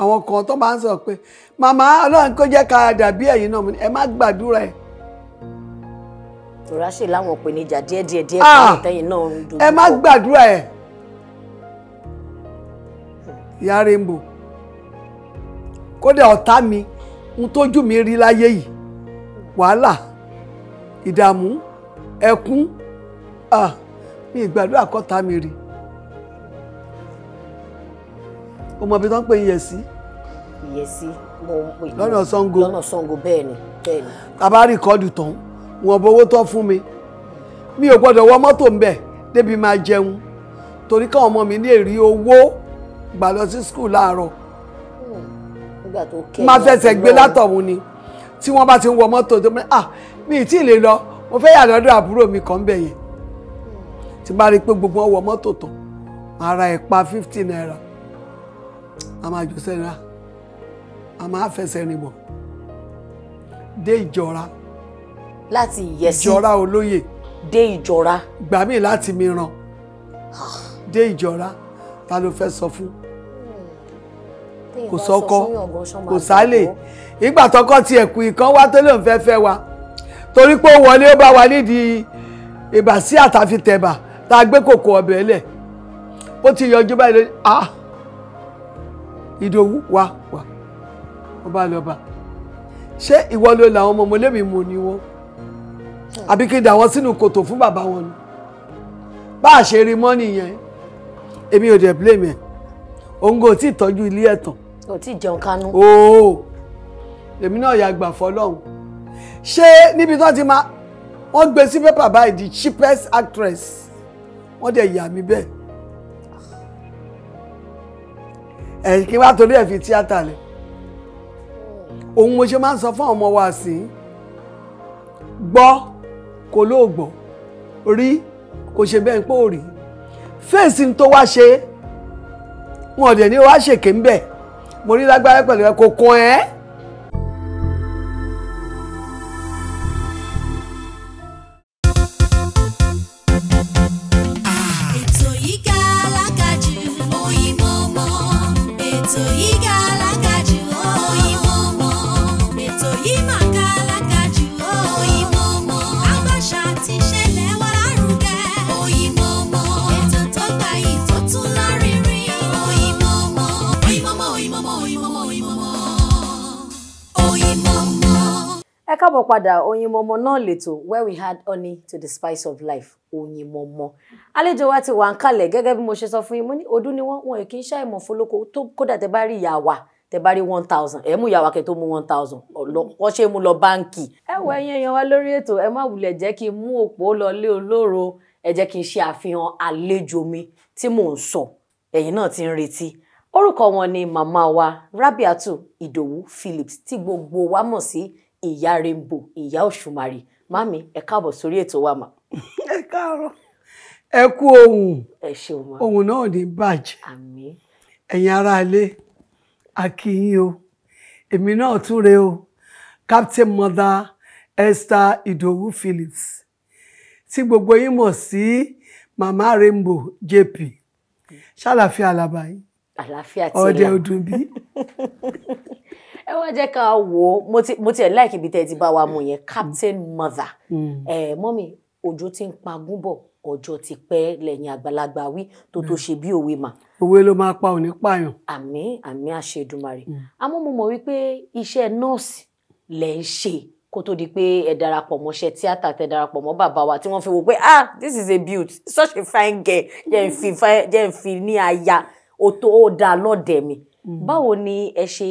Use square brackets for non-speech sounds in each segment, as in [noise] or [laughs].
àwọn kan tó máa ń sọ pé màmá ọlọ́run kó jẹ́ ká dàbí ẹ̀yin náà ẹ má gbàdúrà ẹ̀. tòrá ṣe láwọn ìpèníjà díẹ̀ díẹ̀ díẹ̀ kan ah! tẹ́yìn náà ń dojú. ẹ má gbàdúrà ẹ̀ ìyá rainbow kódà ọ̀tá mi ń tójú mi rí láyé yìí wàhálà ìdààmú ẹkún ah, mi ìgbàdúrà kọ́ta mi rí. o mọ̀ bí tó ń pè Iyèsí. Iyèsí mo ń pè ní lọ́nà Ṣàngó lọ́nà Ṣàngó bẹ́ẹ̀ ni bẹ́ẹ̀ ni. bàbá rìkọ́dù tán wọn bọ owó tán fún mi mi ò gbọ́dọ̀ wọ mọ́tò ń bẹ̀ débi máa jẹun torí káwọn ọmọ mi lè rí owó gbà lọ sí skul láàárọ̀ hmm, máa fẹsẹ̀ gbé látọ̀hún ni tí wọ́n bá ti ń wọ mọ́tò tó mọ́ ah mi ì tí ì lè lọ mo fẹ́ yà lọ́dọ̀ àbúrò mi kàn ń bẹ̀ yẹn hmm. tí bá rí i pé gbogbo wọn wọ mọ́tò tán ara ẹ̀ pa fifty naira a máa jù sẹ́ra a máa fẹsẹ̀ rìn bọ̀ dé ìjọra. láti ìyẹsí ìjọra olóyè. dé ìjọra. gbà mí láti mìíràn dé ìjọra ta ló fẹ́ sọ fún kò sọkọ kò sálè ìgbà tọkọ tiẹ̀ kù ìkan wá tó lóun fẹ́ fẹ́ wa torí pé ó wọlé ó bá wa nídìí ìbà sí àtàfitẹ̀bà tá a gbé kòkò ọbẹ̀ lẹ̀ ó ti yọjú báyìí lórí ah ìdòwú wá wá wọ́n bá lọ́ba ṣé ìwọ ló làwọn ọmọ mọ̀lẹ́bí mu ni wọ́n àbí kí n dà wọ́n sínú kòtò fún bàbá wọn ni bá a ṣe rí mọ́nì yẹn èmi ò dẹ̀ blame ẹ̀ òun kò tí ì tọ́jú ilé ẹ̀ tán. kò tí ì jẹun kánú. ooo èmi náà yà gbà fọlọ́hún ṣé níbi tó ti máa wọ́n gbé sí pépà báyìí the cheapest actress wọ́n dẹ̀ yà mí bẹ́ẹ̀ ẹ̀yìn kí wàá torí ẹ̀ fi tíátà lẹ̀ òun mo ṣe máa ń sọ fún ọmọ wa sí gbọ́ kò lóògbọ́ rí kò ṣe bẹ́ẹ̀ pé ò rí fèsì tó wá ṣe wọn ò dẹ̀ ní wàá ṣèké ń bẹ̀ mo rí lágbára pẹ̀lú ẹ kò kàn ẹ́. káàbọ̀ padà momo na lètò where we had honey to the spice of life Oyinmomo àlejò wa ti wà ń kalẹ̀ gẹ́gẹ́ bí mo ṣe sọ fún yín mo ní ọdún ni wọ́n wọn kì í ṣàìmọ̀ fọlọ́kọ tó kódà tẹ bá rí ìyá wa tẹ bá rí one thousand ẹ mú ìyá wa mu tó mú one thousand wọ́n ṣe é mú lọ báǹkì. ẹ wọ ẹyin èèyàn wa lórí ètò ẹ má wulẹ̀ jẹ́ kí n mú òpó lọ lé olóró ẹ jẹ́ kí n ṣe àfihàn àlejò mi tí mò ń sọ ẹ̀yin náà ti ń wọn ni màmá wa Rabiatu Idowu Phillips tí gbogbo wa mọ̀ sí ìyá rainbow ìyá òṣùmàrè mami ẹ káàbọ̀ sórí ètò wa mà. [laughs] ẹ káàárọ̀ ẹ kú ohun ohun náà ní bàjẹ́ ẹ̀yin ará ilé akínyìn o èmi náà tún re o captain mother esther idowu phillips tí gbogbo yín mọ̀ sí mama rainbow jp ṣàlàfíà làbàyí àlàáfíà tí ó ọdẹ ọdún bí [laughs] ẹ wá jẹ́ ká wò ó mo tiẹ̀ láìkí ibi tẹ́ ẹ ti bá wa mu yẹn Captain Mother hmm. ẹ mọ́mì òjò ti ń pagún bọ̀ ọjọ́ ti pẹ́ lẹ́yìn àgbàlagbà wí tó tó hmm. ṣe bí òwe mà. òwe ló máa pa òní pààyàn. àmín àmín àṣedùmarè hmm. àmọ́ mo mọ̀ wípé iṣẹ́ nọ́ọ̀sì lẹ̀ ń ṣe kó tó di pé ẹ darapọ̀ mọ́ṣẹ́ tíátà tẹ darapọ̀ mọ́ bàbá wa tí wọ́n fi wò pé ah this is a beaut such a fine girl jẹ́ n fi ní aya ó tó ó dáa lọ́dẹ̀ mi Mm-hmm. báwo ni ẹ ṣe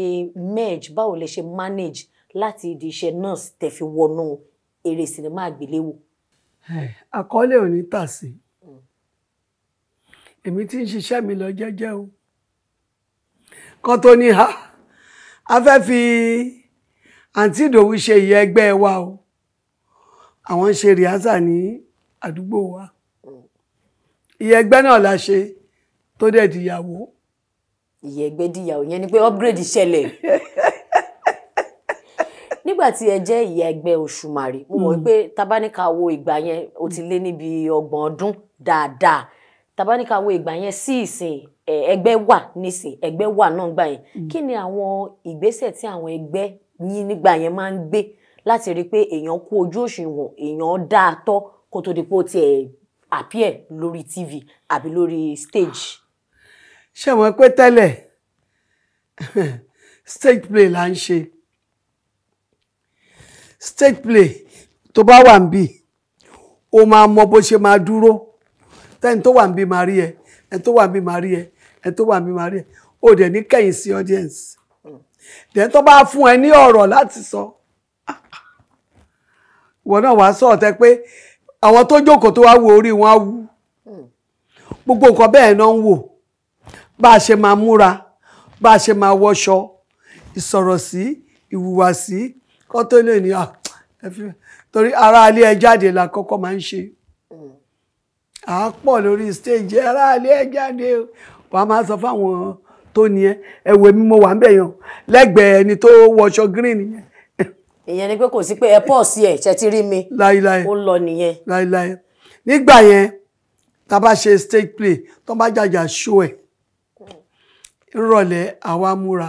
merge báwo lẹ ṣe manage láti ìdí iṣẹ́ nurse tẹ́ fi wọnú eré sinimá àgbéléwò. Eh, àkọlé ò ní tà sí mm. èmi tí ń ṣiṣẹ́ mi lọ jẹ́jẹ́ o kan tó ní ha a fẹ́ fi àǹtí ìdòwú ṣe ìyẹn ẹgbẹ́ wa o àwọn ń ṣe rìhásà ní àdúgbò wa mm. ìyẹn ẹgbẹ́ náà la ṣe tó dẹ̀ dìyàwó ìyẹ̀gbẹ́ dìyàwó yẹn ni pé upgrade ṣẹlẹ̀ [laughs] nígbà tí ẹ jẹ́ ìyá ẹgbẹ́ Òṣùmàrè mo mọ̀ hmm. pé tabaníka wo ìgbà yẹn o ti lé níbi ọgbọ̀n ọdún dáadáa tabaníka wo ìgbà yẹn sí ìsìn ẹgbẹ́ wà nísìn ẹgbẹ́ wà náà gbà yẹn hmm. kí ni àwọn ìgbésẹ̀ tí àwọn ẹgbẹ́ yín nígbà yẹn máa ń gbé láti rí i pé èèyàn kú ojú òṣùwọ̀n èèyàn dáa tọ́ kó tó di pé ó tiẹ̀ appear lórí TV àbí lórí stage ṣé wọn pé tẹ́lẹ̀ [laughs] State play là ń ṣe stage play tó bá wà ń O ó máa mọ bó ṣe máa dúró tẹ́ni tó wà ń bì máa rí ẹ ẹni tó wà ń bì máa rí ẹ ẹni tó wà ń bì máa rí ẹ ó dẹ̀ ní kẹ́yìn sí audience dẹ̀ tó bá fún ẹ ní ọ̀rọ̀ láti sọ ìwọ náà wàá sọ ọ̀tẹ̀ pé àwọn tó jókòó tó wá wo orí wọn á wú hmm. gbogbo nǹkan bẹ́ẹ̀ náà ń wò bá a ṣe máa múra bá a ṣe máa wọṣọ ìsọ̀rọ̀ sí ìhùwàsí kọ́ tó lè ní ah, torí ara ẹ jáde la kọ́kọ́ máa ń ṣe à á pọ̀ lórí stage ara alẹ́ ẹ jáde wàá máa sọ fáwọn tó ní ẹ ẹwẹ́ mi wà ń bẹ̀ yàn lẹ́gbẹ̀ẹ́ ẹni tó wọṣọ green yẹn ìyẹn ni pé kò sí pé ẹ pọ̀ sí ẹ̀ ṣe ti rí mi láíláí ó lọ nìyẹn láíláí nígbà yẹn tá a bá ṣe stage play tó bá jàjà show ẹ̀ rọ̀lẹ́ àwa múra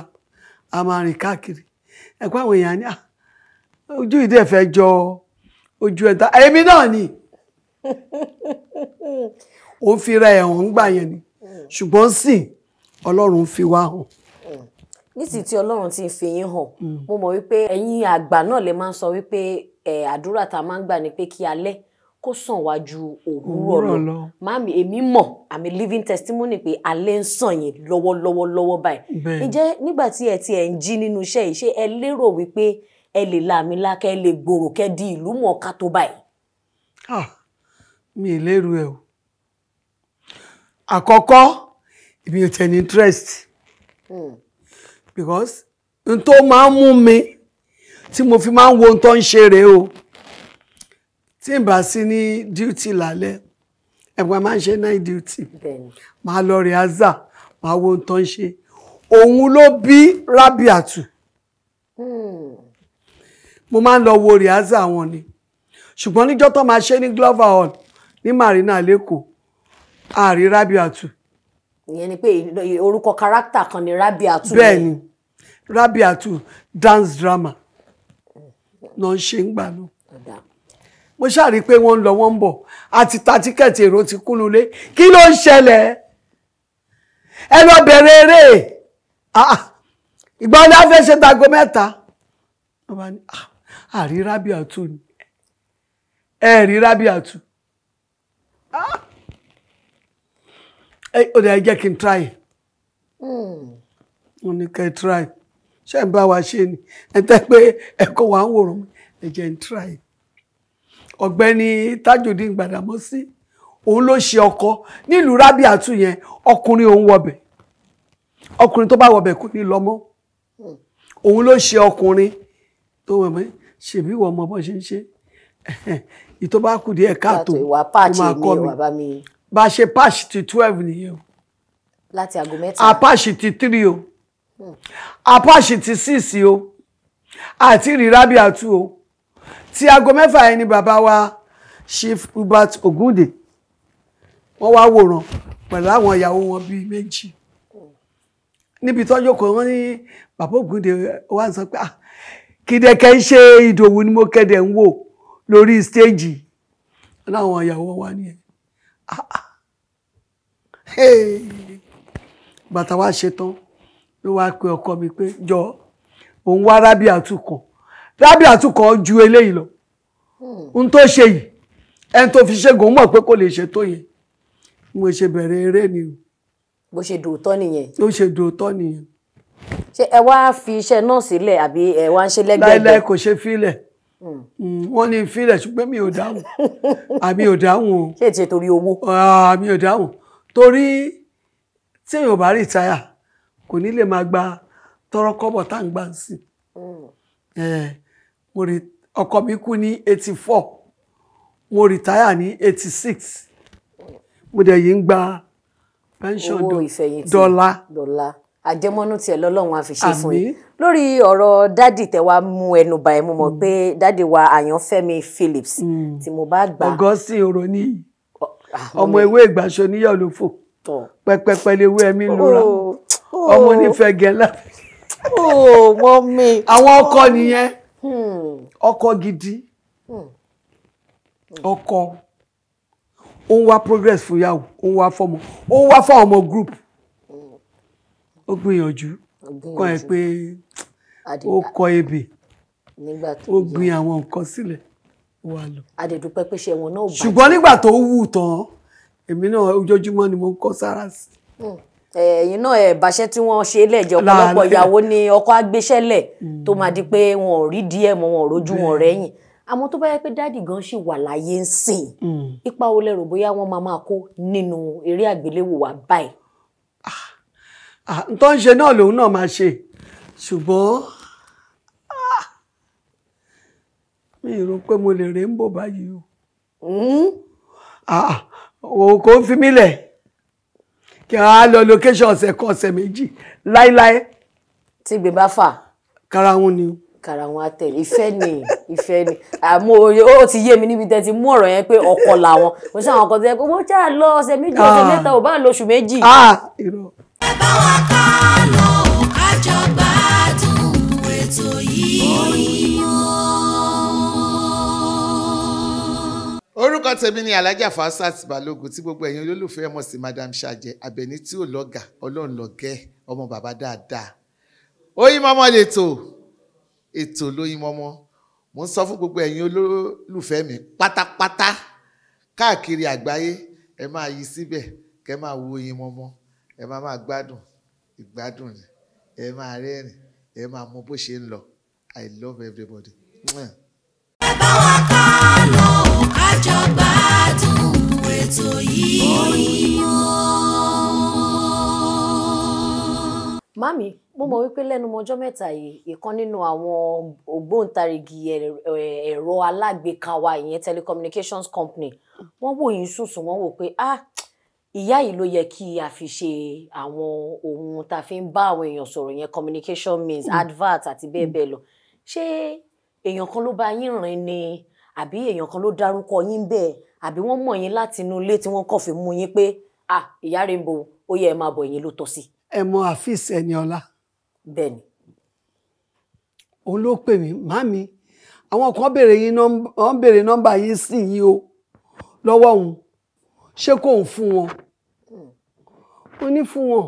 a máa rìn káàkiri ẹ̀kọ́ àwọn èèyàn ní ah, ojú ìdí ẹ̀fẹ́ jọ ojú ẹ̀ta èmi náà ni ó fi ra ẹ̀hàn ń gbà yẹn ni ṣùgbọ́n sì ọlọ́run fi wá hàn nísìsiyìí tí ọlọ́run ti fi yín hàn mm. mo mọ̀ wípé ẹ̀yin àgbà náà lè máa sọ wípé àdúrà tá a máa ń gbà ni pé kí alẹ́ kó sàn wá ju òwúrọ̀ lọ màmí èmi mọ̀ àmì living testimony pé alẹ́ ń sàn yẹn lọ́wọ́lọ́wọ́ lọ́wọ́ báyìí ǹjẹ́ nígbà tí ẹ ti ẹ̀ ń jí nínú iṣẹ́ yìí ṣé ẹ lérò wípé ẹ lè làmì lákẹ́ ẹ lè gbòòrò kẹ́ di ìlú mọ̀ọ́ká tó báyìí. Ah, mi ì lérò ẹ o àkọ́kọ́ èmi ò tẹ̀ ní interest hmm. because n tó máa ń mú mi tí mo fi máa ń wo ohun tó ń ṣe rèé o. Mm tí n bá sí ní duty lálẹ́ ẹ̀gbọ́n máa ń ṣe night duty máa lọ rí azà máa wo ohun tó ń ṣe òun ló bí Rabiatu hmm. mo máa ń lọ wo rìhásà wọn ni ṣùgbọ́n níjọ́ tó máa ṣe ní Glover Hall ní Marina lẹ́kọ̀ọ́ àárí Rabiatu. ìyẹn ni pé orúkọ kárátà kan ni Rabiatu. bẹ́ẹ̀ ni Rabiatu dance drama náà ṣe ń gbà náà mo ṣàrí pé wọ́n ń lọ wọ́n ń bọ̀ àti ta tíkẹ́ẹ̀tì èrò ti kú lulẹ̀ kí ló ń ṣẹlẹ̀ ẹ lọ bẹ̀rẹ̀ eré ah, ah. ìgbà ọ̀dà fẹ́ ṣe tago mẹ́ta àrí rábìà tù ni ẹ rí rábìà tù ah. ó dẹ̀ jẹ́ kí n try mo hmm. ní kẹ́ try ṣé ń bá wa ṣe ni ẹ tẹ́ pé ẹ kó wa ń wòrán ẹ jẹ́ ń try ọ̀gbẹ́ni tajudeen gbàdámọ́sí òun ló ṣe ọkọ nílùú rábíàtú yẹn ọkùnrin òun wọbẹ̀ ọkùnrin tó bá wọbẹ̀ kò ní lọ́mọ́ òun ló ṣe ọkùnrin tó wọ̀ mọ́ ṣèbí wọ́n mọ bó ṣe ń ṣe [laughs] ìtò bá kù díẹ̀ káàtó ó máa kọ́ mi bá ṣe páàṣì ti twelve nìyẹn o láti aago mẹ́ta apáàṣì ti three o apáàṣì ti six o àti rí rábíàtú o tí aago mẹ́fà ẹni bàbá wa Chief Hubert Ogunde wọ́n wá wòran pẹ̀lú àwọn ìyàwó wọn bíi méjì níbi tọ́jú kan wọ́n ní bàbá Ògúndé wà sọ pé ah, kìdẹ̀kẹ́ ń ṣe Ìdòwú ni mo kẹ́dẹ̀ ń wò lórí stéèjì láwọn ìyàwó wa ni ẹ̀ bàtà wa ṣetán ló wá pe ọkọ mi pé jọ òun wá rábì àtúkàn Rabia tún kọ́ ju eléyìí lọ hmm. ohun tó ṣe yìí ẹni tó fi ṣègùn mọ̀ pé kò lè ṣe tó yẹn mo ṣe bẹ̀rẹ̀ eré ni o. bó ṣe dòótọ́ nìyẹn. bó ṣe dòótọ́ nìyẹn. ṣé ẹ wá fi iṣẹ́ náà sílẹ̀ àbí ẹ wá ń ṣe lẹ́gbẹ̀ẹ́. láìláì kò ṣe fílẹ̀ hmm. Hmm, wọ́n ní fílẹ̀ ṣùgbọ́n mi ò dáhùn [laughs] àmì ò dáhùn o. ṣé ètò torí owó. àmì ah, ò dáhùn torí tí èèyàn bá rìtáyà kò ní lè máa gba tọrọkọ́bọ̀ tá à ń gbà ń mo rí ọkọ mi kú ní eighty four mo rìtáyà ní eighty six mo dẹ̀ yìí ń gba pension dọ́là. dọ́là àjẹmọ́nú tiẹ̀ lọ́lọ́run á fi ṣe fún yín lórí ọ̀rọ̀ dádì tẹ wá mú ẹnu bá ẹ mọ̀ pé mm. dádì wa àyànfẹ́mi Phillips mm. tí mo bá gbà. ọgọ́sì ọ̀rọ̀ ní ọmọ ewé ìgbàṣọ níyà olófò pẹpẹpẹ lewé ẹmí lura ọmọ onífẹ̀ẹ́ gẹ́lá. ó mọ mi. àwọn ọkọ nìyẹn ọkọ gidi ọkọ ó ń wá progress fún yàwó ó ń wá fọmọ ó ń wá fáwọn ọmọ group ó gbìyànjú kàn ẹ pé ó kọ ebè ó gbin àwọn nǹkan sílẹ̀ wà lọ. àdèdúpẹ́ pé ṣe wọn náà bá. ṣùgbọ́n nígbà tó wù tán èmi náà ojoojúmọ́ ni mo ń kọ́ sára sí i. Hmm ẹ̀yin náà ẹ̀ bàṣẹ́ tí wọ́n ṣe lẹ́jẹ̀ ọ̀pọ̀lọpọ̀ ìyàwó ni ọkọ agbéṣẹ́lẹ̀ mm. tó máa di pé wọn ò rí díẹ̀ mọ́ wọn ò rójú wọn rẹ́yìn àmọ́ tó bá yẹ pé dáàdì gan ṣì wà láyé ń sìn mm. ipa wo lẹ bóyá wọ́n máa máa kó nínú eré àgbéléwò wa báyìí. Ah, ah, tó ṣe náà lòun náà máa ṣe ṣùgbọ́n ah, mi rò pé mo lè rè ń bò báyìí o òkò hmm? ń fi mí lẹ̀ kí a lọ location ọ̀sẹ̀ kan ọ̀sẹ̀ méjì láíláí. tí gbé bá fà. kára ni o kara wọn àtẹlẹ ìfẹ́ ni ìfẹ́ ni àmọ́ ó ti yé mi níbi tẹ ti mú ọ̀rọ̀ yẹn pé ọkọ làwọn mo ṣe àwọn ọkọ tẹ pé wọn já lọ ọ̀sẹ̀ méjì ọ̀sẹ̀ ah. mẹ́ta ò bá lọ oṣù méjì. Ah, ẹ bá wa ká lọ. orúkọ tèmi ni alájà fásat balógun tí gbogbo ẹ̀yin olólùfẹ́ ẹ sí madam ṣàjẹ abẹni tí ò lọ́gà ọlọ́run lọ́gẹ́ ọmọ bàbá dáadáa Oyinmomo lètò ètò l'Oyinmomo mo ń sọ fún gbogbo ẹ̀yin olólùfẹ́ mi pátápátá káàkiri àgbáyé ẹ máa yí síbẹ̀ kẹ máa wo Oyinmomo ẹ máa máa gbádùn ìgbádùn ẹ máa rẹ́rìn ẹ máa mọ bó ṣe ń lọ I love everybody. Mwah jọ gbádùn Mami, mo mọ̀ wípé lẹ́nu ọjọ́ mẹ́ta yìí, ìkan nínú àwọn ògbóǹtarìgì ẹ̀rọ alágbèéká wa ìyẹn telecommunications company, wọ́n wò yín sùnsùn, wọ́n wò pé ah ìyá yìí ló yẹ kí a fi ṣe àwọn ohun tá a fi ń bá àwọn èèyàn sọ̀rọ̀ yẹn communication means hmm. advert àti bẹ́ẹ̀ bẹ́ẹ̀ lọ. Ṣé èèyàn kan ló bá yín rìn ni? àbí èèyàn kan ló dárúkọ yín bẹ́ẹ̀ àbí wọ́n mọ̀ yín láti inú ilé tí wọ́n kàn fi mú yín pé ah ìyá Rainbow ó yẹ ẹ máa bọ̀ ẹ̀yin ló tọ́ sí. ẹ mọ Hafiz Eniola. bẹ́ẹ̀ni. òun ló pè mí màmí àwọn kan béèrè yín wọ́n béèrè nọ́mbà yín sí yín o lọ́wọ́ òun ṣé kò ń fún wọn ó ní fún wọn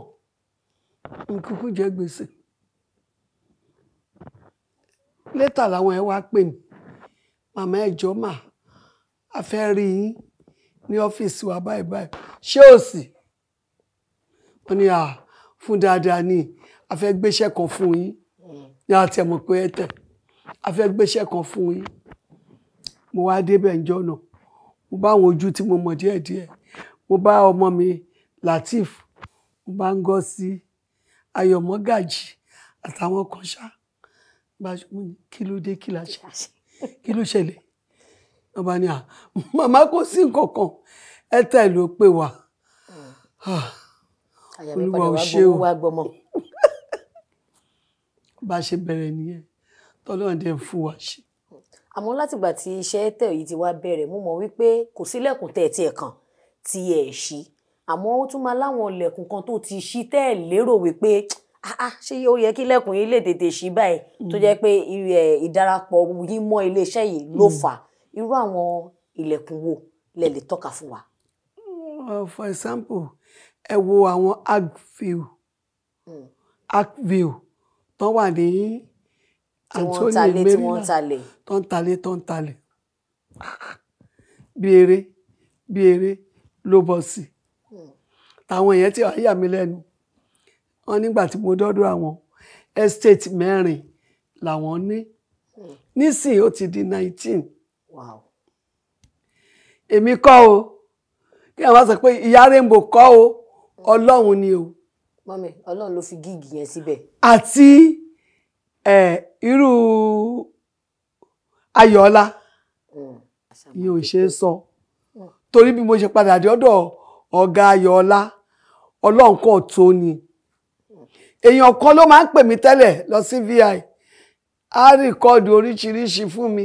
nkúkú jẹ gbèsè létà làwọn ẹ wá pè mí màmá ẹ̀jọ́ mà á fẹ́ rí yín ní ọ́fíìsì wa báyìí báyìí ṣé ò sì wọ́n ní à fún dáadáa ni a fẹ́ gbéṣẹ́ kan fún yín ní àti ẹ̀mọ̀ pé ẹ tẹ̀ a fẹ́ gbéṣẹ́ kan fún yín mo wá débẹ̀ ńjọ́ náà mo bá àwọn ojú tí mo mọ̀ díẹ̀díẹ̀ mo bá ọmọ mi Latif mo bá ń gọ́ sí Ayọ̀mọ́gàjì àtàwọn kan ṣá kí ló dé kí la ṣe kí ló ṣẹlẹ̀ wọ́n bá ní à màmá kò sí nǹkan kan airtel ló pè wá olúwa ò ṣe o bá a ṣe bẹ̀rẹ̀ nìyẹn tọ́lọ́run dẹ̀ ń fún wa ṣe. àmọ́ látìgbà tí iṣẹ́ airtel yìí ti wá bẹ̀rẹ̀ mo mọ̀ wípé kò sílẹ̀kùn tẹ̀ tiẹ̀ kan tí ẹ̀ ṣí àmọ́ ó tún máa láwọn ilẹ̀kùn kan tó ti ṣí tẹ́ ẹ̀ lérò wípé Ah, ah, ṣé ó yẹ kí ilẹ̀kùn yìí lè tètè ṣí báyìí tó jẹ́ mm. pé ìdarapọ̀ yín mọ́ iléeṣẹ́ yìí ló mm. fà irú àwọn ilẹ̀kùn wo lẹ lè tọ́ka fún wa. Mm, for example ẹ wo àwọn agview agview tó wà ní Anthony Maryland tó ń talé tó ń talé bí eré ló bọ̀ sí táwọn èèyàn ti wá yà mí lẹ́nu wọn nígbà tí mo dọ́dọ̀ àwọn estate mẹ́rin làwọn ní nísìn ó ti di nineteen èmi kọ́ o kí àwọn sọ pé ìyá rainbow kọ́ o ọlọ́run ni o. mọ́mi ọlọ́run ló fi gíìgì yẹn síbẹ̀. àti irú ayọ̀ọ́lá hmm. yóò ṣe é sọ hmm. torí bí mo ṣe padà dé ọ̀dọ̀ ọ̀gá ayọ̀ọ́lá ọlọ́run kò tó ni. Mm èèyàn kan ló máa ń pè mí tẹ́lẹ̀ lọ sí vi á rìkọ́ọ̀dù oríṣiríṣi fún mi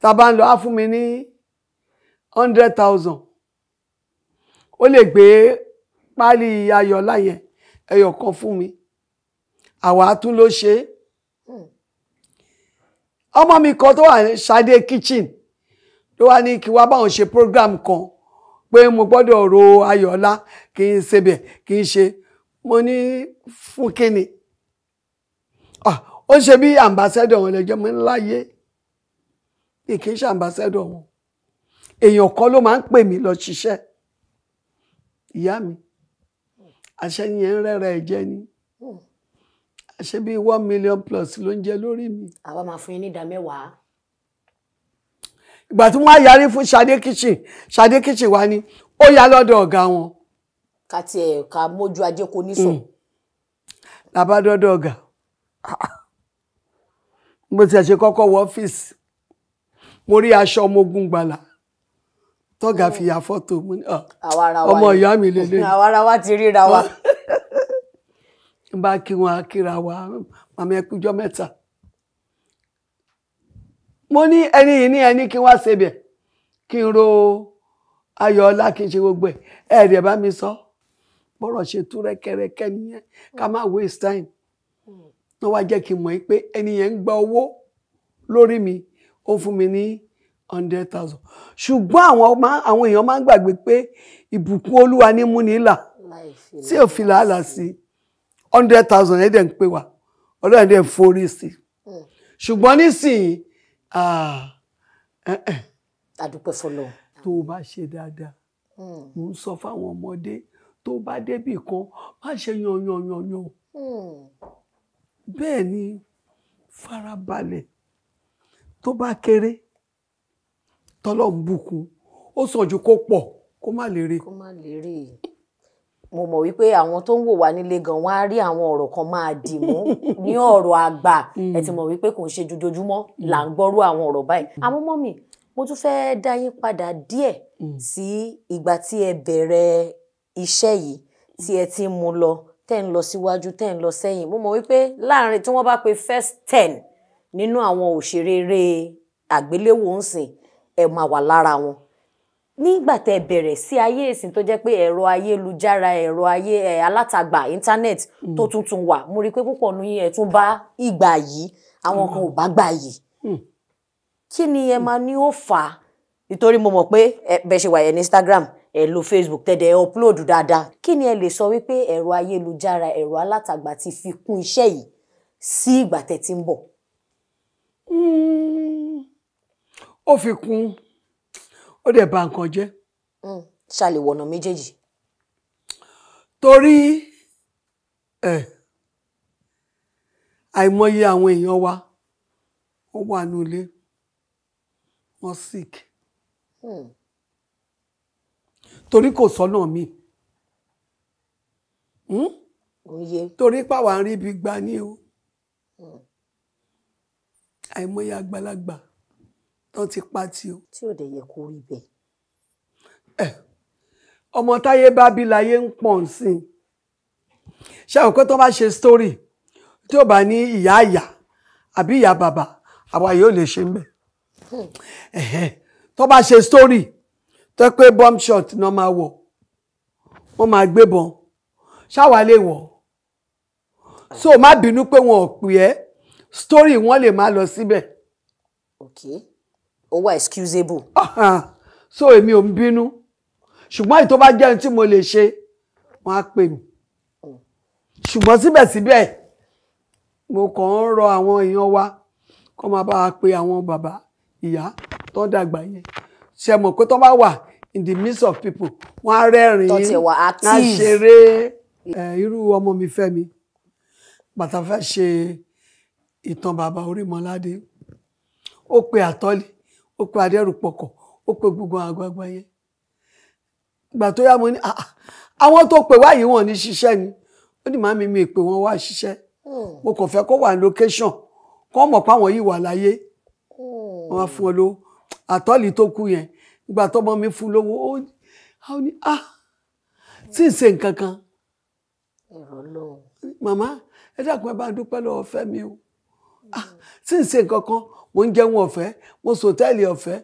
tá a bá ń lọ á fún mi ní hundred thousand ó lè gbé páálí ayọ̀ láyẹn ẹyọ kan fún mi àwa tún ló ṣe é ọmọ mi kan tó wà ní Ṣadé kitchen ló wá ní kí wá báwọn ṣe program kan pé mo gbọ́dọ̀ ro ayọ̀ọ́lá kì í ṣebẹ̀ kì í ṣe mo ní fún kíni ah, ó ṣe bí ambassador wọn lẹ́jọ́ mi láyé kì í ṣe ambassador wọn èèyàn kan ló máa ń pè mí lọ ṣiṣẹ́ ìyá mi àṣẹ yẹn ń rẹ́rẹ́ ni àṣẹ bíi one million plus ló ń jẹ lórí mi. àwa máa fún yín ní ìdá mẹ́wàá ìgbà tí wọ́n á yarí fún Ṣadé kitchen Ṣadé kitchen wa ni ó yá lọ́dọ̀ ọ̀gá wọn Kati tiẹ̀ ká mójú ajé kò ní sọ. Hmm. labadọdọ ọ̀gá mo ti ṣe kọ́kọ́ wọ ọ́fíìsì mo rí aṣọ ọmọ ogun gbala tọ̀gá fi ya fọ́tò mu ní ah, ọmọ ìyá mi lélẹ̀. [laughs] àwa ara wa ti ríra wa. n bá kí wọn kíra wa màmá ẹ kújọ mẹ́ta mo ní ẹni yìí ní ẹni kí wá ṣe bẹ kí n ro ayọ̀ ọlá kí n ṣe gbogbo ẹ ẹ rẹ bá mi sọ bọ́rọ̀ ṣe tú rẹ́kẹrẹkẹ nìyẹn ká má waste time wọ́n hmm. wá jẹ́ kí n mọ̀ pé ẹnìyẹn ń gba owó lórí mi ó fún mi ní hundred thousand ṣùgbọ́n àwọn àwọn èèyàn máa ń gbàgbé pé ìbùkún olúwa ní múni là tí ò fi làálà sí hundred thousand yẹn dẹ̀ ń pè wá ọlọ́run dẹ̀ ń forí sí hmm. ṣùgbọ́n nísìnyí àdúpẹ́ ah, fọlọ́ tó o bá ṣe dáadáa hmm. mo ń sọ fáwọn ọmọdé tó bá débì kan má ṣe yan yan yan yan bẹ́ẹ̀ ni farabalẹ̀ tó bá kéré tọ́lọ́ ń bùkún ó sàn ju kó pọ̀ kó má lè rí. kó má lè rí mo mọ̀ wípé àwọn tó ń wò wá nílé gan wá rí àwọn ọ̀rọ̀ kan máa dì mú ní [laughs] ọ̀rọ̀ àgbà hmm. ẹ ti mọ̀ wípé kò ń ṣe jojoojúmọ́ hmm. là ń gbọ́rú àwọn ọ̀rọ̀ báyìí. àmọ́ mọ́mì mo tún fẹ́ẹ́ dá yín padà díẹ̀ hmm. sí ìgbà tí ẹ bẹ̀rẹ̀ iṣẹ́ yìí tí ẹ ti ń mú lọ tẹ́ ń lọ síwájú tẹ́ ń lọ sẹ́yìn mo mọ̀ wípé láàrin tí wọ́n bá pe first ten nínú àwọn òṣèré eré àgbéléwò ń sìn ẹ máa wà lára wọn nígbà tẹ́ bẹ̀rẹ̀ sí ayé ìsìn tó jẹ́ pé ẹ̀rọ ayélujára ẹ̀rọ ayé ẹ alátagbà internet tó hmm. tuntun wà mo rí i pé púpọ̀ nu yín ẹ tún bá ìgbà yìí àwọn kan ò bá gbà yìí hmm. kí ni ẹ máa ní ó fà á nítorí mo mọ̀ pé bẹ́ẹ̀ ṣe wà yẹn ní Instagram ẹ lo Facebook tẹ́dẹ̀ ẹ upload dáadáa kí ni ẹ lè sọ wípé ẹ̀rọ ayélujára ẹ̀rọ alátagbà ti fi kún iṣẹ́ yìí sí ìgbà tẹ́ ti ń bọ̀. Hmm. ó fi kún ó dẹ̀ bà nǹkan jẹ́. Hmm. ṣàlèwọ̀nà méjèèjì. torí ẹ àìmọye àwọn èèyàn wa ó wà nílé wọn sick. Hmm torí kò sọ́nà mi hmm? torí pàwọn àrí ibi gba ni o hmm. àìmọye àgbàlagbà tán ti pa tí o. tí ò dẹ̀ yẹ kó rí bẹ́ẹ̀. ẹ ọmọ táyé bá bí láyé ń pọ̀ sí i ṣé àwọn kan tó bá ṣe sítórì tí ò bá ní ìyá àyà àbí ìyá bàbà àwa yóò lè ṣe ń bẹ̀ hmm. tó bá ṣe sítórì tó bomb shot náà máa wọ̀ wọ́n máa gbébọn ṣáwa lè wọ̀ so má bínú pé wọn ò pè ẹ́ story wọn lè má lọ síbẹ̀. okay ó wà excusable. so èmi ò ń bínú ṣùgbọ́n èyí tó bá jẹ́ ohun tí mo lè ṣe wọ́n á pè mí mm. ṣùgbọ́n síbẹ̀síbẹ̀ mo kàn ń rọ àwọn èèyàn wa kó máa bá wa pe àwọn bàbá ìyá tó dàgbà yẹn ṣe mọ̀ pé tó bá wà in the midst of people wọ́n á rẹ́rìn-ín á ṣeré irú ọmọ mi fẹ́ mi bàtà fẹ́ ṣe ìtàn bàbá Orímọládé ó pe àtọ́lì ó pe adẹ́rùpọ̀kọ̀ ó pe gbogbo àgbàgbà yẹn ìgbà tó yá mo ní àwọn tó pè wá yìí wọ́n ní ṣiṣẹ́ ni ó ní màmí mi pé wọ́n wá ṣiṣẹ́ hmm. mo kàn fẹ́ kó wà ní location kó mọ̀ páwọn yìí wà láyé hmm. wọ́n á fún ọ ló àtọ́lì tó kú yẹn ìgbà tọmọ mi fún lówó ó ní ah tí ì ṣe nǹkan kan màmá ẹ dákun ẹ bá dúpẹ́ lọ́wọ́ fẹ́ mi o ah, tí ì ṣe nǹkan kan mo ń jẹun ọ̀fẹ́ mo sòtẹ́ẹ̀lì ọ̀fẹ́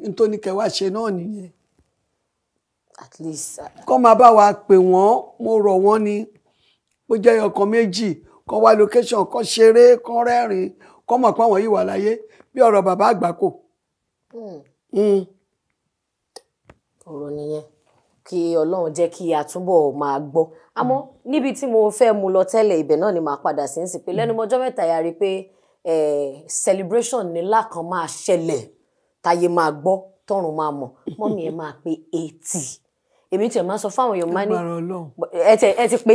nítorí kẹwàá ṣe náà nìyẹn at least. Uh, kọ́ máa bá wa pè wọ́n mo rọ̀ wọ́n ni ó jẹ́ ọkàn méjì kọ́ wá location kọ́ ṣeré kọ́ rẹ́rìn-ín kọ́ mọ̀ pé àwọn yìí wà láyé bí ọ̀rọ̀ bàbá àgbà kò. Hmm. Hmm ọ̀rọ̀ nìyẹn kí ọlọ́run jẹ́ kí a túbọ̀ máa gbọ́ àmọ́ níbi tí mo fẹ́ mu lọ tẹ́lẹ̀ ibẹ̀ náà ni màá padà sí ń sìn pé lẹ́nu mọ́jọ́ mẹ́ta yà rí pé celebration ńlá kan máa ṣẹlẹ̀ táyé máa gbọ́ tọ̀run máa mọ̀ mọ́mí ẹ̀ máa pé eighty èmi tiẹ̀ máa sọ fáwọn èèyàn máa ní ẹ ti pé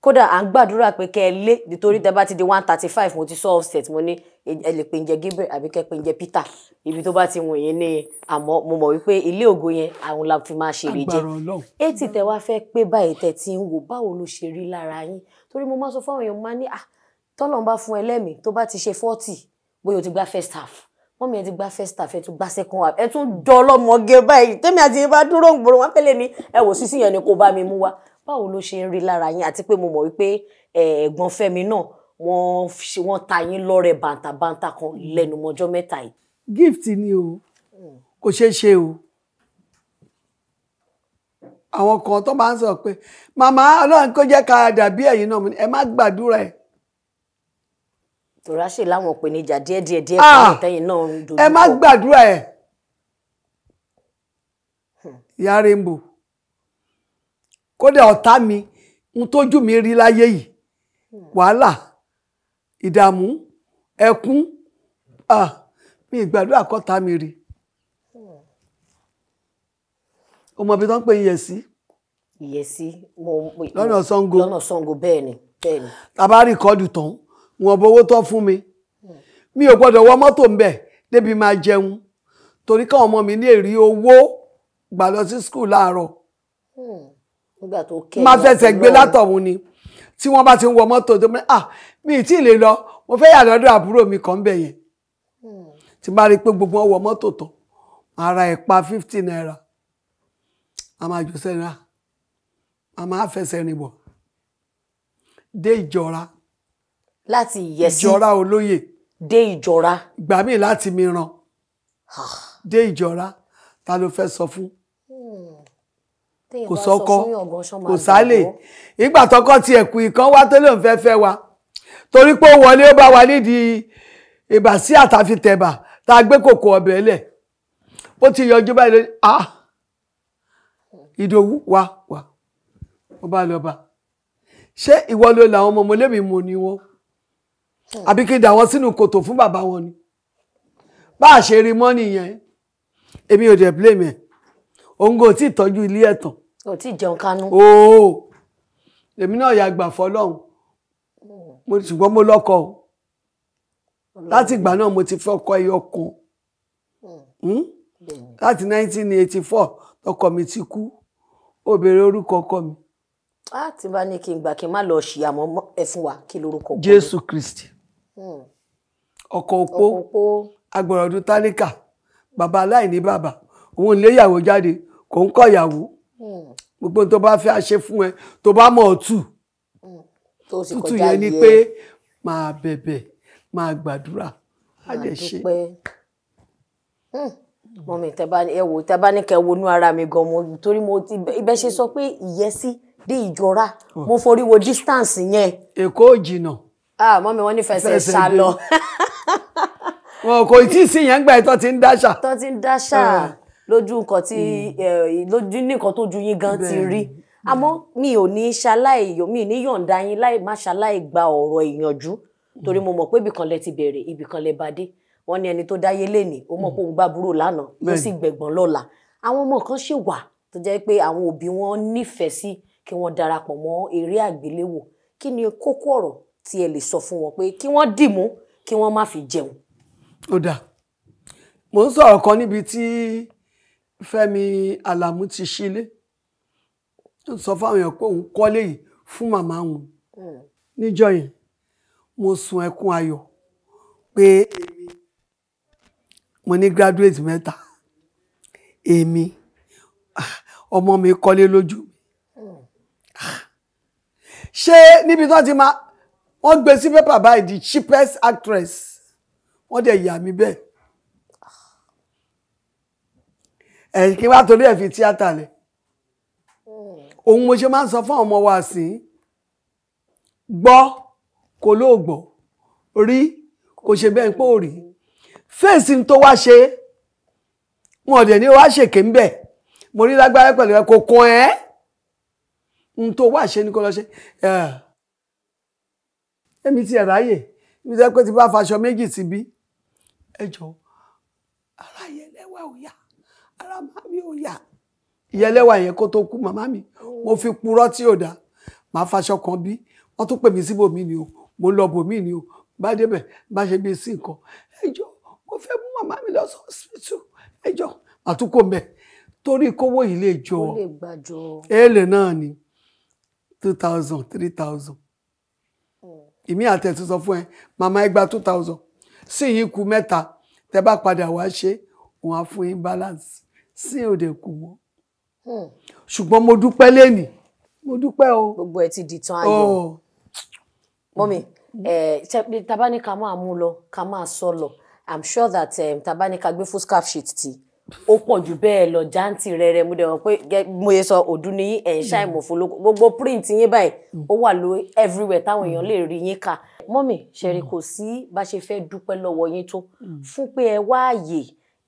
kódà à ń gbàdúrà pé kẹ́ ẹ lé nítorí tẹ́ bá ti di one thirty five mo ti sọ offset mo ní ẹ lè pè ń jẹ Gabriel àbí kẹ́ pè ń jẹ Peter ibi tó bá ti wọ̀n yẹn ní àmọ́ mo mọ̀ wípé ilé ògo yẹn àwọn la fi máa ṣe ìrèjẹ eighty tẹ́ wá fẹ́ pé báyìí tẹ́ ti ń wò báwo ló ṣe rí lára yín torí mo máa sọ fáwọn èèyàn máa ní à ah, tọ́lọ̀ ń bá fún ẹ tó bá ti ṣe forty bóyá o ti gba first half wọ́n mi ẹ ti gba first half ẹ tún gba second half ẹ tún dọ́ ọlọ́mọge báyìí tẹ́mi àti ìbá dúró gbòòrò wọn pẹ̀lẹ́ ni ẹ wò sísìn yẹn ni kò bá mi mú wa báwo ló ṣe ń rí lára yín àti pé mo mọ̀ wípé ẹ̀gbọ́n Fẹ́mi náà wọ́n ta yín lọ́rẹ bàǹtàbàǹtà kan lẹ́nu mọ́jọ́ mẹ́ta yìí. gift ni o hmm. kò ṣeé ṣe o àwọn kan tó máa ń sọ pé màmá Ọlọ́run kó jẹ́ ká dàbí ẹ̀yin náà ẹ má gbàdúrà ẹ̀. tòrá ṣe láwọn òpèníjà díẹ̀díẹ̀ díẹ̀ kan ah! tẹ́yìn náà ń dojú kọ. ẹ má gbàdúrà ẹ̀ hmm. ìyá rainbow kódà ọ̀tá mi ń tójú mi rí láyé yìí wàhálà ìdààmú ẹkún mi ìgbàdúrà kọ́ta mi rí o mọ̀ bí tó ń pè yẹ̀ sí. mo lọ́nà Ṣàngó lọ́nà Ṣàngó bẹ́ẹ̀ ni bẹ́ẹ̀ ni. tàbá rìkọ́dù tán wọn bọ owó tán fún mi mi ò gbọ́dọ̀ wọ mọ́tò ń bẹ̀ débi máa jẹun torí káwọn ọmọ mi lè rí owó gbà lọ sí skul láàárọ̀. Hmm nígbà tó kẹ́ máa fẹsẹ̀ gbé látọ̀hún ni tí wọ́n bá ti ń wọ mọ́tò tó mọ́ ah mi ì tí ì lè lọ mo fẹ́ yà lọ́dọ̀ àbúrò mi kan bẹ̀ yẹn hmm. tí bá rí i pé gbogbo wọn wọ mọ́tò tán màá ra ẹ̀pà fifty naira a máa jù sẹ́yìn rà ah, a máa fẹsẹ̀ rìn bọ̀ dé ìjọra láti ìyẹsí ìjọra olóyè dé ìjọra ìgbà míì láti mìíràn ah. dé ìjọra ta ló fẹ́ sọ fún kò sọ́kọ kò sálè ìgbà tọkọ tiẹ̀ kù ìkan wá tó lóun fẹ́ẹ́ fẹ́ wa torí pé ó wọlé ó bá wa nídìí ìbà sí àtàfitẹ̀bà tá a gbé kòkò ọbẹ̀ lẹ̀ ó ti yọjú báyìí lórí ah ìdòwú wa wa ó bá lọ bá ṣé ìwọ ló làwọn ọmọ mọlẹ́bí mo ni wọn hmm. àbí kí n dà wọn sínú kòtò fún bàbá wọn ni bá a ṣe rí mọ́ nìyẹn èmi ò dẹ̀ blame ẹ̀ òun tí ì ilé ẹ̀ tán o ti jẹun kánú. ooo èmi náà ya gbà fọlọ́hún mo ṣùgbọ́n mo lọ́kọ o láti ìgbà náà mo ti fọ́kọ ẹyọ kan hmm. Hmm? láti nineteen eighty four ọkọ mi ti kú ó béèrè orúkọ ọkọ mi. a ti bá ní kí n gbà kí n má lọ ṣì àmọ́ ẹ wa kí lorúkọ ọkọ Jésù Kristi hmm. ọkọ òpó agbọ̀rọ̀dún táníkà bàbá aláìní bàbá òun léyàwó jáde kò ń kọ̀yàwó gbogbo tó bá fẹ́ ṣe fún ẹ tó bá mọ̀ ọ̀tù tútù yẹn ni pé máa bẹ̀bẹ̀ máa gbàdúrà á lè ṣe. mọ̀mí ẹ̀wò tẹ́ bá ní kẹ́ wọnú ara mi gan mo torí mo ti ibẹ̀ ṣe sọ pé ìyẹ́sí dé ìjọra oh. mo forí wo distance yẹn. èkó jìnnà. ah mọ̀mí wọ́n ní fẹsẹ̀ sá lọ. wọn kò tí ì sí yẹn gbà tó ti ń dáṣà. tó ti ń dáṣà. Eh lójú nǹkan tí mm. lójú nǹkan tó ju yín gan ti rí àmọ́ mi ò ní ṣaláì mi ní yọ̀ǹda yín láì má ṣaláì gba ọ̀rọ̀ ìyànjú torí mo mọ̀ pé ibìkan lẹ ti bẹ̀rẹ̀ ibìkan lẹ bá dé wọ́n ní ẹni tó dáyé lénìí ó mọ̀ mm. pé òun gbàbúrò lánàá ó sì gbẹ̀gbọ́n lọ́la àwọn ọmọ kan ṣì wà tó jẹ́ pé àwọn òbí wọn nífẹ̀ẹ́ sí kí wọ́n darapọ̀ mọ́ eré àgbéléwò kí ni kókó ọ̀rọ̀ tí ẹ lè sọ fún wọn pé kí wọ́n dìmú kí wọ́n má fi jẹun. ó dáa mo ń sọ̀rọ̀ kan níbi tí Fẹ́mi Àlàmú ti sílé tó sọ fáwọn èèyàn pé òun kọ́lé yìí fún màmá òun hmm. níjọ́ yẹn mo sun ẹkún ayọ̀ pé mo ní graduate mẹ́ta èmi ah, ọmọ mi kọ́lé lójú hmm. ah. ṣé níbi tó ti máa wọ́n gbé sí pépà báyìí the cheapest actress wọ́n dẹ̀ yà mí bẹ́ẹ̀ ẹ̀yìn kí wá torí ẹ̀ fi tíátà lẹ̀ òun hmm. mo ṣe máa ń sọ fún ọmọ wa sí gbọ́ kò lóògbọ́ rí kò ṣe bẹ́ẹ̀ pé ò rí fèsì tó wá ṣe wọn ọ̀dẹ̀ ni wá ṣèké ń bẹ̀ mo rí lágbára pẹ̀lú ẹ kò kàn ẹ́ n tó wá ṣe ni kò lọ ṣe èmi ti ẹ̀ ráyè ibi tẹ́ pé ti bá faṣọ méjì síbí ẹ jọ ara yẹn lẹ́wà ò yá rárá màmí ò yà ìyẹlẹ́wà yẹn kó tó kú màmá mi mo fi purọ́ tí ò dá màá faṣọ kan bí wọ́n tún pè mí síbòmí ni o mo lọ bòmí ni o bá débẹ̀ bá ṣe bí sí nǹkan ẹjọ́ mo fẹ́ mú màmá mi lọ sí hospital ẹjọ́ àtúkò mẹ́ torí kówó yìí lè jọ èèlè náà ni two thousand three thousand ìmí hmm. àtẹ̀tù sọ fún ẹ màmá ẹ gba two thousand sí yìí kù mẹ́ta tẹ bá padà wá ṣe òun á fún yín balance sí òde kù wọn hmm. ṣùgbọ́n mo dúpẹ́ lẹ́nì mo dúpẹ́ o. gbogbo ẹ ti di tán ayọ̀ oh. mọ́mi tàbá ní ká máa mú lọ ká máa sọ lọ i'm sure that tàbá ní ká gbé foscap sheet tí ó pọ̀ jù bẹ́ẹ̀ lọ jáǹtì rẹ̀rẹ̀ mo dẹ̀ wọ́n pé mo yẹ sọ òdú ni ẹ̀ ń ṣàì mọ̀ fún lóko gbogbo print yín báyìí ó wà ló everywhere táwọn èèyàn lè rí yín ká mọ́mì ṣẹ̀rí kò sí bá ṣe fẹ́ dúpẹ́ lọ́wọ́ yín tó hmm. fún pé ẹ wá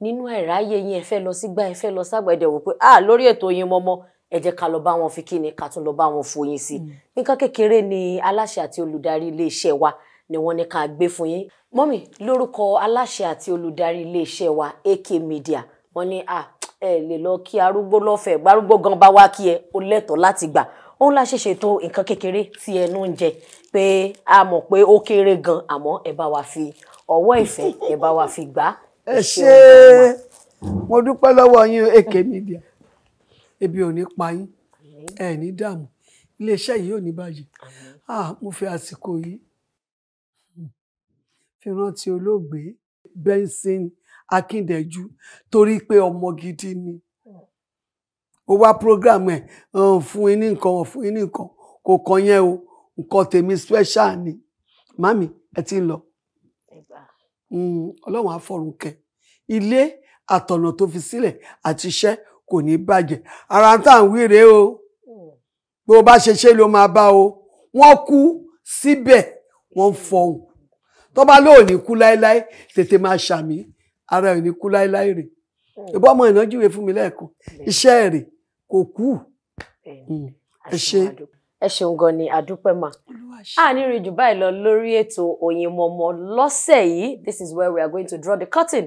nínú àìráyè yín ẹ fẹ́ lọ sígbà ẹ fẹ́ lọ ságbà ẹ̀dẹ̀ wò pé ah lórí ètò yín mọ́mọ́ ẹ jẹ́ ká lọ bá wọn fi kíni ká tún lọ bá wọn foyín sí i mm. nǹkan kékeré ni aláṣẹ àti olùdarí iléeṣẹ́ wa ni wọ́n ní ká gbé fún yín mọ́mì lórúkọ aláṣẹ àti olùdarí iléeṣẹ́ wa AK Media wọ́n ní ah ẹ lè lọ kí arúgbó lọ́fẹ̀ẹ́ gbárúgbó gan bá wá kí ẹ ó lẹ́tọ̀ọ́ láti gbà òun la ṣe ṣètò nǹkan kékeré tí ẹnu ń jẹ pé a mọ̀ pé ó kéré gan àmọ́ ẹ bá wa fi ọwọ́ ìfẹ́ ẹ bá wa fi gbà á ẹ ṣe mo dúpẹ́ lọ́wọ́ yín AK Media ebi ò ní pa yín ẹ ní dààmú iléeṣẹ́ yìí ò ní ah, mo fi àsìkò yìí fi rántí olóògbé Benson Akíndẹ̀jú torí pé ọmọ gidi ni ó wá program ẹ fún yín ní nǹkan fún yín nǹkan kò kàn yẹn o nǹkan tèmi special ni mami ẹ ti ń lọ ọlọ́run àfọ̀run kẹ ilé àtọ̀nà tó fi sílẹ̀ àti iṣẹ́ kò ní bàjẹ́ ara ń wí rèé o bí o bá ṣe ṣe ló máa bá o wọ́n kú síbẹ̀ wọ́n fọhùn tó bá lóò ní kú láéláé tètè máa ṣàmì ara ò ní kú láéláé rè ìbọn ọmọ ìnájú rẹ fún mi lẹ́ẹ̀kan iṣẹ́ rẹ̀ kò kú hmm. ẹ ṣe. ẹ ṣeun gan ni àdúpẹ́ mà àníri jù báyìí lọ lórí ètò Oyinmomo lọ́sẹ̀ yìí this is where we are going to draw the curtain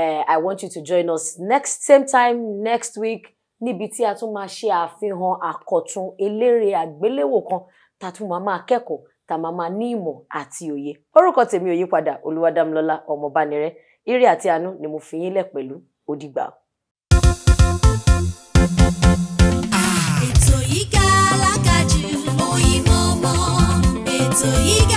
uh, I want you to join us next same time next week níbi tí a tún máa ṣe àfihàn àkọ̀tun eléré àgbéléwò kan tá a tún máa máa kẹ́kọ̀ọ́ tá a máa máa ní ìmọ̀ àti òye orúkọ tèmi ò yípadà Olúwadámilọ́lá Ọmọbánirẹ́ ire àti àánú ni mo fi yín lẹ̀ pẹ̀lú ó dìgbà. so he got